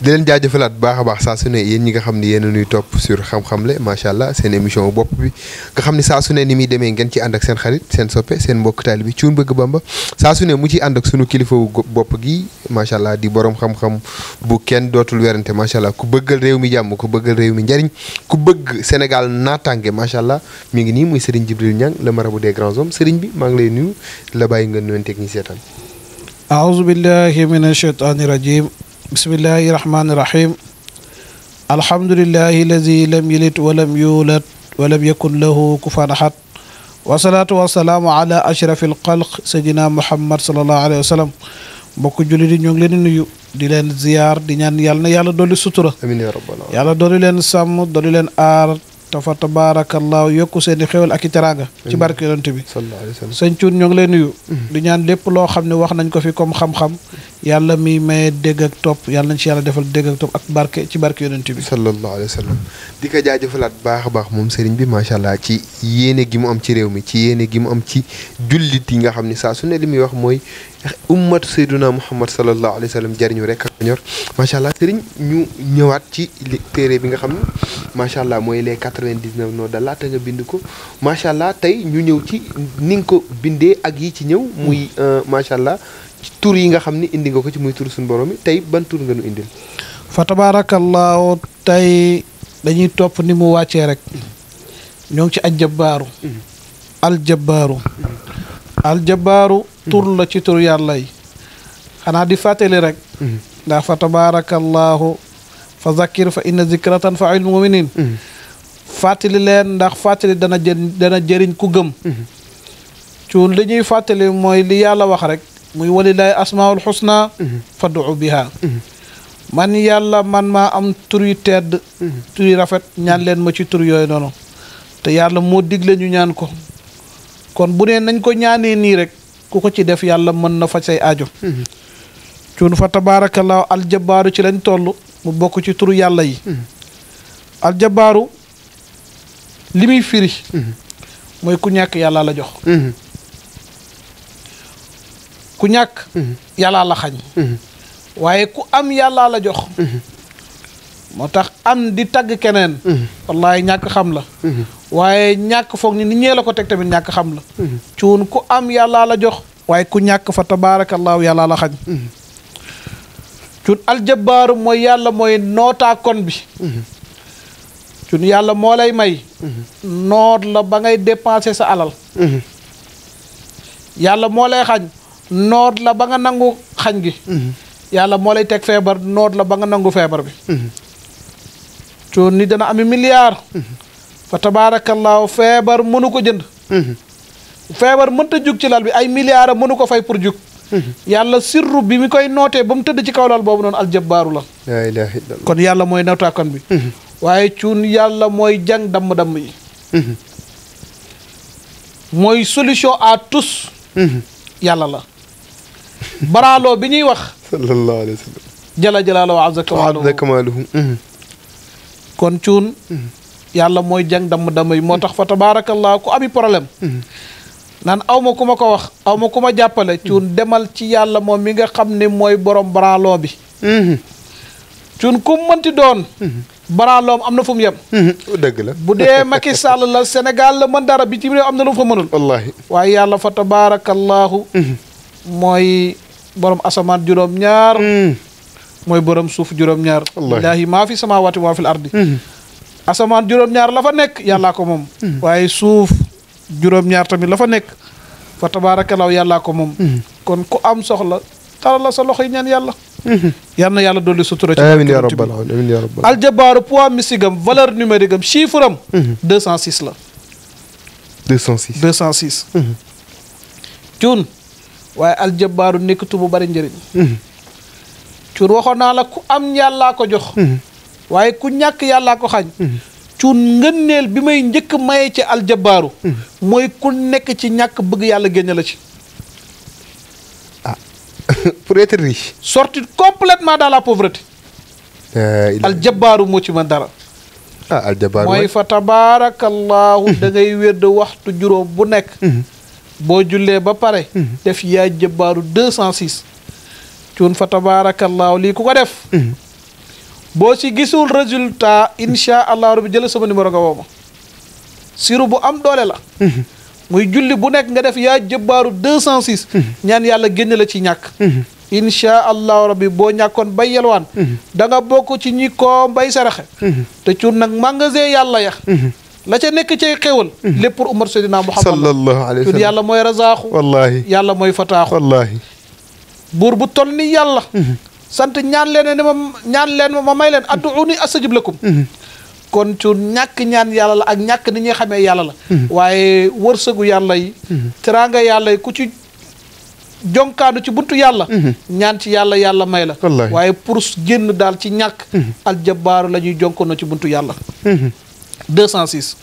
di leen jaajëfalaat bu baax a baax saa su ne ñi nga xam ne yéen a ñuy topp sur xam-xam le macha allah seen émission bopp bi nga xam ne saa su ni muy demee ngeen ci ànd ak seen xarit seen soppe seen mbokk taali bi cuun bëgg bamba saa su mu ci ànd ak sunu kilifa bopp gi macha allah di borom xam-xam bu kenn dootul werante macha allah ku bëggal réew mi jàmm ku bëggal réew mi njariñ ku bëgg Sénégal naataange macha allah mi ngi nii muy Serigne Djibril Niang le marabout des grands hommes Serigne bi maa ngi lay la bàyyi nga nuyoon technicien tam. aouzu billahi mina shaytaani بسم الله الرحمن الرحيم الحمد لله الذي لم يلد ولم يولد ولم يكن له كفوا احد والصلاة والسلام على اشرف الخلق سيدنا محمد صلى الله عليه وسلم بوكو جوليدي نيوغ لين نيو دي لين زيار دي نيان يالنا يالا دولي ستره امين يا رب العالمين يالا دولي لين سام دولي لين ار te fa tabaarakallaahu yokk seen xewal ak i teraanga ci barke yonent bi sëñ Cuun ñoo ngi lay nuyu mm-hmm. di ñaan lépp loo xam ne wax nañ ko fi comme xam-xam yàlla mi maye dégg ak topp yàlla nañ ci yàlla defal dégg ak topp ak barke ci barke yonent bi sallallahu alayhi wa sallam di ko jaajëfalaat baax a baax moom sëriñ bi macha allah ci yéene gi mu am ci réew mi ci yéene gi mu am ci jullit yi nga xam ne saa su ne li muy wax mooy ummatu sayduna muhammad salallahu alayhi wa sallam jariñu rek ak ñor macha allah sëriñ ñu ñëwaat ci téere bi nga xam ne macha allah mooy les quatre-vingt-dix-neuf noms d'Allah te nga bind ko macha allah tey ñu ñëw ci ni ko bindee ak yi ci ñëw muy mm. euh, macha allah tur yi nga xam ne indi nga ko ci muy tur suñu borom yi tey ban tur nga nu indil fa tabaarakallaahu tey dañuy topp ni mu wàccee rek mm. ñoo ngi ci aljabaaru mm. aljabaaru aljabaaru tur la ci tur yàlla yi xanaa di fàttali rek ndax fa tabarakallahu fa zakir fa inna zikra tanfaul muminin fàttali leen ndax fàttali dana jë dana jëriñ ku gëm cuun li ñuy mooy li yàlla wax rek muy walilahi asmaul xusna fad'u biha man yàlla man maa am tur yu tedd tur rafet ñaan leen ma ci tur yooyu noonu te yàlla moo digle ñu ñaan ko kon bu nee nañ ko ñaanee nii rek ku ko ci def yàlla mën na faj say ajo mhm. cuun fa tabaarakallaahu aljabaaru ci lañ toll mu bokk ci turu yàlla yi mhm. aljabaaru li muy firi mhm. mooy ku ñàkk yàlla la jox ku ñàkk yàlla la xañ waaye ku am yàlla la jox motax am di tag kenen mhm. wallahi ñak xam la mhm. waye ñak foog ni ni ñe la ko tek tamit ñak xam la mhm. ciun ku am yalla la jox waye ku ñak fa tabarakallah yalla la ciun al jabbar moy yalla moy nota kon bi ciun yalla mo lay may nord la ba ngay dépenser sa alal yalla mo lay xañ nord la ba nga nangu xañ gi yalla mo lay tek febar nord la ba nga nangu febar bi coon ni dana ami milliard fa tabaarakallaahu feebar mënu ko jënd feebar mënta jug ci lal bi ay milliards mënu ko fay pour jug yàlla sirru bi mu koy nootee ba mu tëdd ci kaw lal boobu noonu aljabbaaru la kon yàlla mooy nawtaakan bi waaye cuun yàlla mooy jàng damm-damm yi mooy solution à tous yàlla la baraaloo bi ñuy wax sallallahu alayhi wa sallam jala jalaaloo azza kamaaluhu kon cuun yàlla mooy jàng damm yi moo tax fa tabaarakallaa ko ami problème naan aw ma ku ma ko wax aw ma ku ma jàppale cuun demal ci yàlla moom mi nga xam ne mooy boroom baraaloo bi cuun ku mënti doon baraaloom am na fu mu la bu dee Macky Sall la Sénégal la mën dara bi ci réew am na lu mu fa mënul waaye yàlla fa tabaarakallaahu mm-hmm. mooy borom asamaan juróom ñaar mm. moy borom suuf juróom-ñaar wallahi ma fi samawati wa fil ardi hmm. asaman juróom-ñaar la fa nek yalla ko mom hmm. waye suuf juróom-ñaar tamit la fa nek fa tabarakallahu yalla ko mom hmm. kon ku am soxla taral la sa loxo yi ñaan yalla yalla na yàlla sutura ci amin ya rabbal amiin ya rabbal aljabaaru poids mystique am valeur numérique gam chiffre 206 la 206 206 tun waye al jabar cuun bu bari njëriñ cuun waxoon naa la ku am yàllaa ko jox mm-hmm. waaye ku ñàkk yàllaa ko xañ mm-hmm. cuun ngënneel bi may njëkk maye ci aljabaaru mm-hmm. mooy ku nekk ci ñàkk bëgg yàlla génne la ci ah pour être riche sortir complètement la pauvreté aljabaaru moo ci ma dara ah aljabaaru mooy fa tabaarakallaahu da ngay waxtu juróom bu nekk boo jullee ba pare def yaa jabaaru cuun fa tabaarakallaahu lii ku ko def mm-hmm. boo ci gisul résultat insha allah rabbi jël sama moo nga woo ma siru bu am doole la mm-hmm. muy julli bu nekk nga def yaa jëbbaaru deux cent six mm-hmm. ñaan yàlla génn la ci ñàkk insha allahu rabbi boo ñàkkoon bay yelwaan danga nga bokk ci ñi ko mbay saraxe te cuun nag magasin yàlla ya la ca nekk cay xéwal lépp pour umar naa muhammad sallallahu alayhi yàlla mooy razaaxu yàlla mooy fataaxu wallaahi buur bu toll ni yàlla mhm. sant ñaan leen ne ma ñaan leen ma ma may leen adduuni astajib lakum mhm. kon ci ñàkk ñaan yàlla la ak ñàkk ni ñuy xamee yàlla la mhm. waaye wërsëgu yàlla yi teraanga yàlla yi ku ci jonkaanu ci buntu yàlla ñaan ci yàlla yàlla may la waaye pour génn daal ci ñàkk aljabaaru la ñuy jonkoonoo ci buntu yàlla deux cent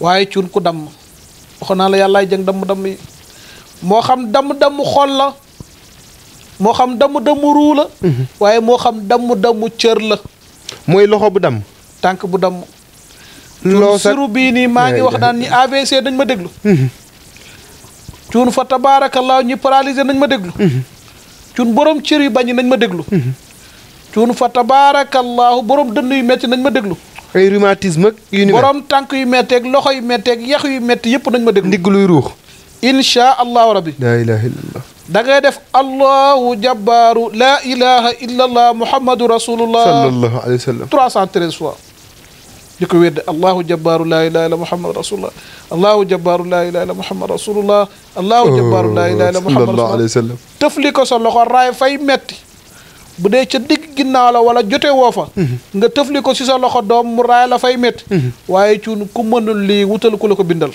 waaye cuun ku damm waxoon naa la yàllaay jëng damm damm yi moo xam damm damm xol la mo xam damu damu ru la mhm. waye mo xam damu damu cieur la moy loxo bu dam tank bu dam lo suru bi ni ma ngi wax naan ni abc dañ ma deglu tun mhm. fa tabarakallah ñi paralyser nañ ma deglu tun mhm. borom cieur yu bañ nañ ma deglu tun fa tabarakallah borom dënn yu metti nañ ma deglu ay rhumatisme ak yu borom tank yu ak loxo yu ak yax yu metti yëpp nañ ma deglu ndiglu luy insha Allah rabbi la ilaha illallah da ngay def allahu jabbaaru laa ilaha illa allah muhammadu rasulullah sallallahu alayhi wa sallam 313 fois di ko wedde allahu jabbaaru laa ilaha illa muhammadu rasulullah allahu jabbaaru laa ilaha illa muhammadu rasulullah allahu jabbaaru laa ilaha illa muhammadu rasulullah tëfli ko sa loxo raay fay metti bu dee ca digg ginnaaw la wala jote woo fa nga tëfli ko si sa loxo doom mu raay la fay metti waaye cuun ku mënul lii wutal ku la ko bindal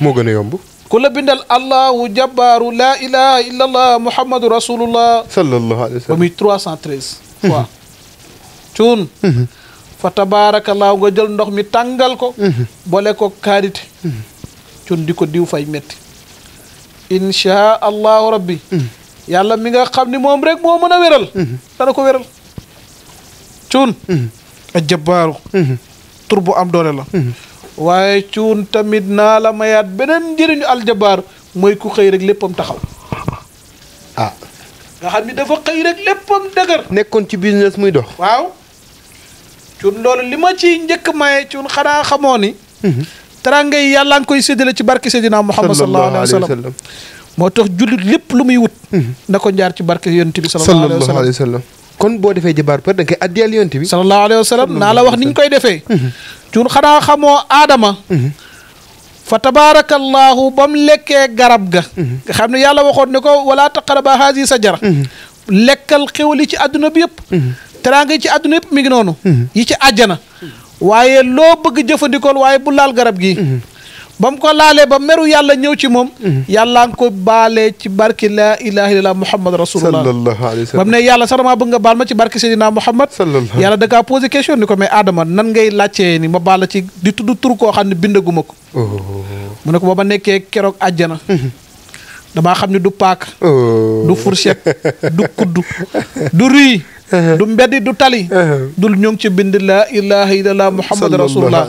moo gën a yomb كل بندل الله جبار لا اله الا الله محمد رسول الله صلى الله عليه وسلم ومي 313 فوا تون فتبارك الله وجل نخ مي تانغال كاريت تون ديكو ديو فاي ميت ان شاء الله ربي يالا ميغا خامني موم ريك مو مانا ويرال دا تون الجبار تربو ام دوله waaye cuun tamit naa la mayaat beneen njëriñu aljabaar mooy ku xëy rek léppam taxaw ah. nga xam ni dafa xëy rek léppam dëgër nekkoon ci business muy dox waaw cuun loolu li ma ci njëkk maye cuun xanaa xamoo ni mhm. teraangay yàlla ngi koy séddale ci barke Seydina Muhammad sallallahu alayhi wa sallam moo tax jullit lépp lu muy wut mhm. na ko njaar ci barke yonent bi sallallahu alayhi wa sallam kon boo defee jëbaar për da nga koy addiyal yonent bi sallallahu alayhi wa naa la wax niñ koy defee cuun mhm. xanaa xamoo aadama mhm. fa tabaarakallaahu ba lekkee garab ga mhm. xam ne yàlla waxoon ne ko wala taqaraba haasi sajara lekkal xéwal yi ci àdduna bi yëpp teraanga yi ci àdduna yëpp mi ngi noonu yi ci àjjana waaye loo bëgg jëfandikool waaye bu laal garab gi ba mu ko laalee ba meru yàlla ñëw ci moom yàllaa nga ko baale ci barki laa ilaha illallah muhammad rasulullah ba mu ne yàlla sax damaa bëgg nga baal ma ci barki seydina muhammad yàlla da kaa posé question ni ko mais Adama nan ngay laajtee ni ma baal la ci di tudd tur koo xam ne bindaguma ko oh. mu ne ko ba ma nekkee keroog àjjana mm-hmm. damaa xam ne du paak oh. du fourchette du kuddu du riz du mbedd du tali dul ñu ngi ci bind laa ilaha illallah muhammad rasulullah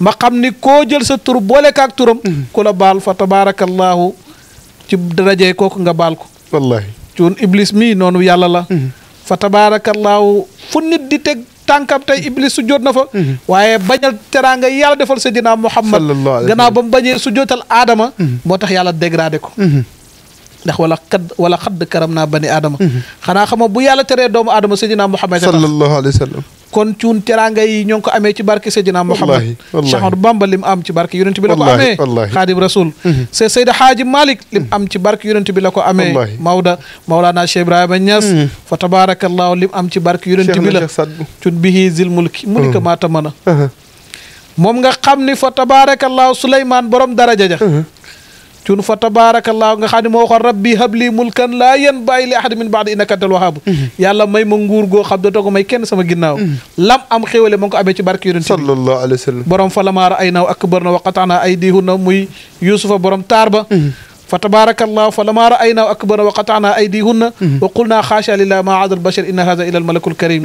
ma xam ni koo jël sa tur boole kaak turam ku la baal fa tabarakallahu ci darajee kooku nga baal ko wallahi cuun iblis mii noonu yàlla la fa tabarakallahu fu nit di teg tànkam tey iblis su jot na fa waaye bañal teraanga yàlla defal seydina muhammad gannaaw ba mu bañee su jootal aadama moo tax yàlla dégradé ko ndax wala kad wala xadd karamna bani aadama xana xama bu yàlla tere doomu aadama sayidina Muhammad sallallahu alayhi wasallam kon ciun teranga yi ñong ko amé ci barke sayidina Muhammad Cheikh Bamba lim am ci barke yoonte bi la ko amee Xaadim Rasul c'est sayyid haji malik lim am ci barke yoonte bi la ko amee Mawda Mawlana Cheikh ibrahim Niass fa tabarakallahu lim am ci barke yoonte bi la ciun bihi zil mulki mulka maatamana mom nga xamni fa tabarakallahu Souleymane borom daraja ja cun fa tabaarakallaahu nga xam ne moo waxoon rabbi habli mulkan laa yan bàyyi li ahad min baadi innaka antal wahaabu mhm. yàlla may ma nguur goo xam dootoo ko may kenn sama ginnaaw mhm. lam am xéwale ma ngi ko amee ci barke yonent bi sallallahu alayhi wa sallam borom fa lamaara ay naaw akbar na waqataana aydihunna muy yusufa borom taar ba mhm. fa tabarakallahu fa lama raayna akbara wa qataana aydihunna wa qulna xaasha lillah ma aadal bashar inna hada ila al malakul karim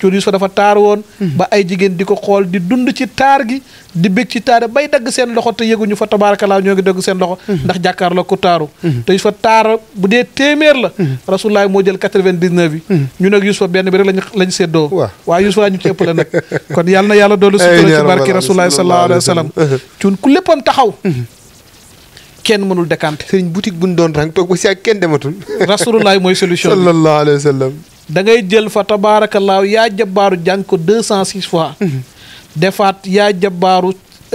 cuun Yuusufa dafa taar woon ba ay jigéen di ko xool di dund ci taar gi di bég ci taar bay dagg seen loxo te yëguñu fa tabarakallahu ñoo ngi dagg seen loxo ndax jàkkaarloo ku taaru te Yuusufa taar bu dee téeméer la rasulullah moo jël quatre-vingt-dix-neuf yi ñu nag Yuusufa benn bi rek lañ lañ séddoo waaw Yuusufa ñu cepp la nag kon yàlla na yàlla doolu sutura ci barki rasulullah sallallahu alayhi wa sallam cuun ku léppam taxaw kenn mënul décanté. sëriñ boutique bu ñu doon rang toog ba si ak kenn dematul. rasulullah mooy solution bi sallallahu alayhi da ngay jël fa tabaarakallaahu yaa jabbaaru jàng ko deux cent six fois. Mhm. defaat yaa jabbaaru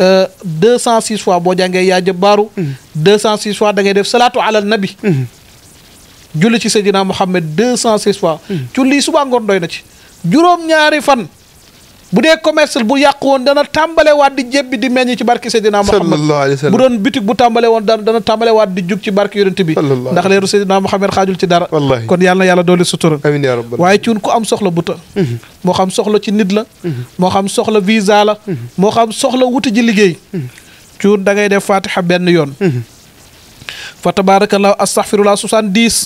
euh, deux cent six fois boo jàngee yaa jabbaaru. Mhm. deux cent six fois da ngay def salaatu alal nabi. Mhm. julli ci Seydina Muhammad deux cent six fois. julli suba ngoon doy na ci. juróom ñaari fan. bu dee commerce bu yàqu woon dana tàmbale waat di jébbi di meññ ci barke Seydina Muhammad bu doon boutique bu tàmbale woon da dana tàmbale waat di jug ci barke yonent bi ndax leeru Seydina Muhammad xaajul ci dara kon yàlla yàlla doole sutura waaye cuun ku am soxla bu ta mhm. moo xam soxla ci nit la mhm. moo xam soxla visa la mhm. moo xam soxla wuti ji liggéey cuun da ngay def fatiha benn yoon fa tabarakallahu astaghfirullah soixante-dix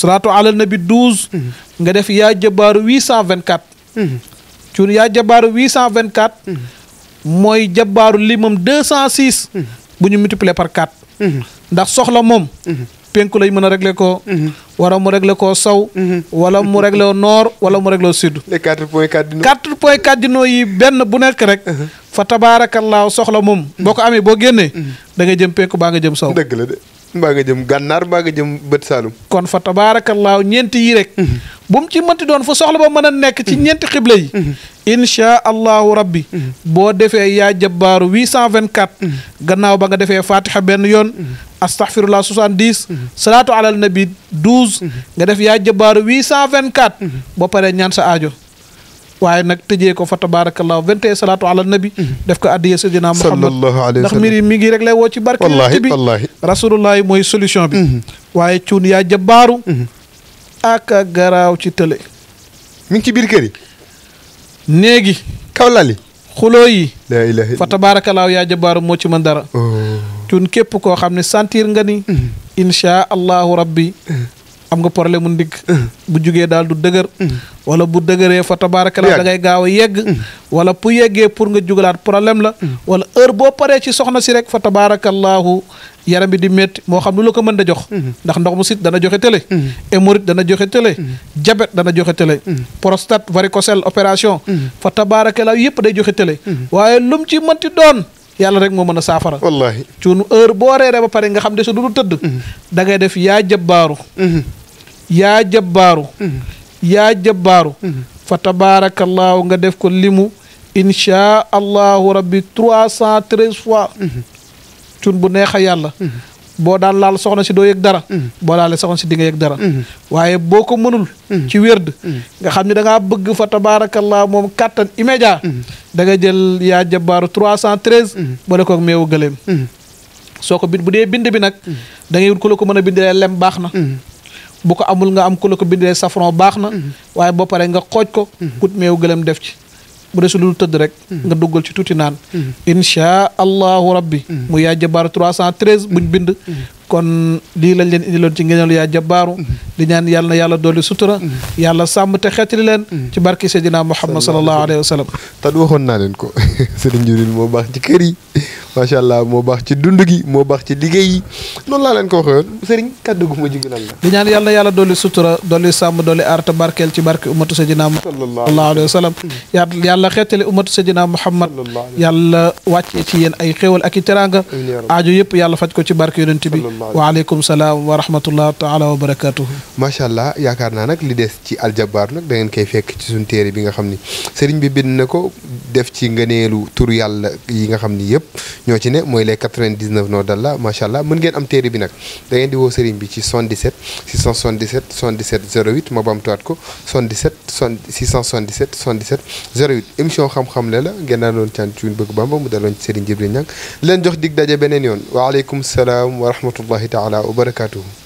salaatu ala nabi douze nga def yaa jabaaru huit cent vingt-quatre cuun yaa jabaaru 824. Mm-hmm. mooy jabaaru limam 206. Mm-hmm. bu ñu multiplier par 4. Mm-hmm. ndax soxla moom. penku lay mën a régler ko wala mu régler ko saw wala mu régler noor wala mu régler sud les quatre point quatre dino yi benn bu nekk rek uh-huh. fa tabaarakallaahu soxla moom boo ko amee boo génnee da nga jëm penku baa nga jëm saw dëgg mbaa nga jëm gànnaar mbaa nga jëm bët saalum kon fa tabaarakallaahu ñeenti yi rek mm-hmm. bu mu ci mënti doon fu soxla ba mën a nekk ci mm-hmm. ñeenti xibla yi mm-hmm. inchaa allahu rabbi boo defee yaa jabbaaru 824 gannaaw ba nga defee fatiha benn yoon la astaghfirullah 70 salaatu alal nabi 12 nga def yaa jabbaaru 824 ba pare ñaan sa aajo waaye nag tëjee ko fa tabaarakallaahu vingt et salaatu ala nabi mhm. def ko addiya sayyidina Muhammad ndax mbir yi mi ngi rek lay woo ci barke yonent bi rasulullah mooy solution bi mhm. waaye cuun yaa jabaaru mhm. ak garaaw tële mi ngi ci biir kër yi néegi kawlali xuloo yi fa tabaarakallaahu yaa jabaaru moo ci mën dara oh. cuun képp koo xam ne santiir nga ni inchaa allahu rabbi am nga problème u ndigg mm. bu jugee daal du dëgër mm. wala bu dëgëree fa tabaarakalla da ngay gaaw a yegg mm. wala bu yeggee pour nga jugalaat problème la wala heure boo paree ci soxna si rek fa tabaarakallaahu yaram bi di métti moo xam lu la ko mën da jox ndax ndox mu sit dana joxe télé hémorroïde dana joxe télé diabète dana joxe télé prostate varicocèle opération fa tabaarakallaahu yëpp day joxe télé waaye lum ci mënti doon yàlla rek moo mën a saafara wallaahi cuunu heure boo reeree ba pare nga xam de su du tëdd mhm. da ngay def yaa jabbaaru mhm. yaa jabbaaru mhm. yaa jabbaaru fa tabaarakallaahu nga def ko limu inchaa allahu rabbi trois cent treize fois cun bu neex a yàlla boo daan laal soxna si doo yëg dara mm. boo laalee soxna si di nga yëg dara mm. waaye boo ko mënul mm. ci wérd nga xam ne da ngaa bëgg fa tabaarakallaa moom kàttan immédiat da nga jël yaa jabaaru trois cent treize boole koog meewu gëléem soo ko bind bu dee bind bi nag da ngay wut ku ko mën a bindilee lem baax na bu ko amul nga am ku la ko bindilee safron baax na waaye boo paree nga xooj ko kut meewu gëléem def ci bu dee su lu tëdd rek hmm. nga duggal ci tuuti naan hmm. inchaa allahu rabbi hmm. mu yaa jabaaru 313 buñ bind kon lii lañ leen loon ci ngeenelu yaa jabaaru di ñaan yàlla na yàlla dooli sutura yàlla sam te xeetali leen ci barki seydina muhammad sallallahu alayhi wa sallam tan waxoon naa leen ko sëriñ Jibril moo baax ci kër macha allah moo baax ci dund gi moo baax ci liggéey yi noonu laa leen ko waxee woon sëriñ kàddu gu ma jigi lan la di ñaan yàlla yàlla dolli sutura dolli sàmm dolli aarta barkeel ci barke umatu sajina sallallahu alayhi wa sallam yàlla xeetali umatu sajina muhammad yàlla wàccee ci yéen ay xéewal ak i teraanga aajo yëpp yàlla faj ko ci barke yonent bi waaleykum salaam wa rahmatullah taala wa barakatuhu macha allah yaakaar naa nag li des ci aljabaar nag da ngeen koy fekk ci suñ téere bi nga xam ni sëriñ bi bind na ko def ci ngëneelu tur yàlla yi nga xam ni yëpp ñoo ci ne mooy les 99 noor d'Allah macha allah mën ngeen am téere bi nag da ngeen di woo sëriñ bi ci 77 677 77 ko 77 677 xam-xam la la ngeen daan doon caan ci bëgg Bamba mu daloon ci sëriñ Jibril Ñang leen jox dig daje beneen yoon waaleykum salaam wa rahmatullahi wa barakaatuhu